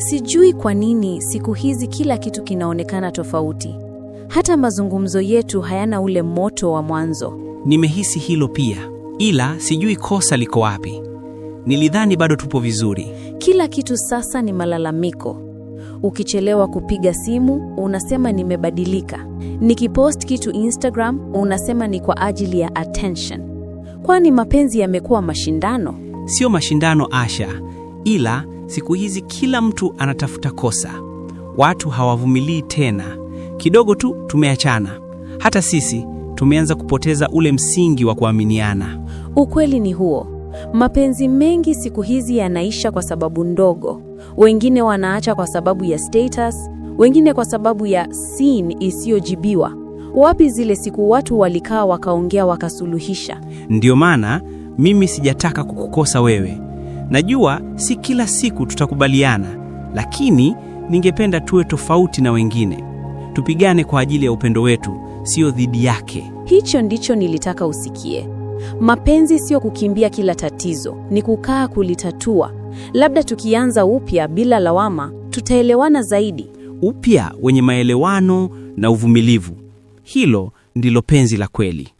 Sijui kwa nini siku hizi kila kitu kinaonekana tofauti. Hata mazungumzo yetu hayana ule moto wa mwanzo. Nimehisi hilo pia, ila sijui kosa liko wapi. Nilidhani bado tupo vizuri. Kila kitu sasa ni malalamiko. Ukichelewa kupiga simu unasema nimebadilika. Nikipost kitu Instagram unasema ni kwa ajili ya attention. Kwani mapenzi yamekuwa mashindano? Sio mashindano, Asha, ila Siku hizi kila mtu anatafuta kosa, watu hawavumilii tena. Kidogo tu tumeachana, hata sisi tumeanza kupoteza ule msingi wa kuaminiana. Ukweli ni huo, mapenzi mengi siku hizi yanaisha kwa sababu ndogo. Wengine wanaacha kwa sababu ya status, wengine kwa sababu ya sin isiyojibiwa. Wapi zile siku watu walikaa wakaongea wakasuluhisha? Ndiyo maana mimi sijataka kukukosa wewe Najua si kila siku tutakubaliana, lakini ningependa tuwe tofauti na wengine. Tupigane kwa ajili ya upendo wetu, sio dhidi yake. Hicho ndicho nilitaka usikie. Mapenzi sio kukimbia kila tatizo, ni kukaa kulitatua. Labda tukianza upya bila lawama, tutaelewana zaidi. Upya wenye maelewano na uvumilivu. Hilo ndilo penzi la kweli.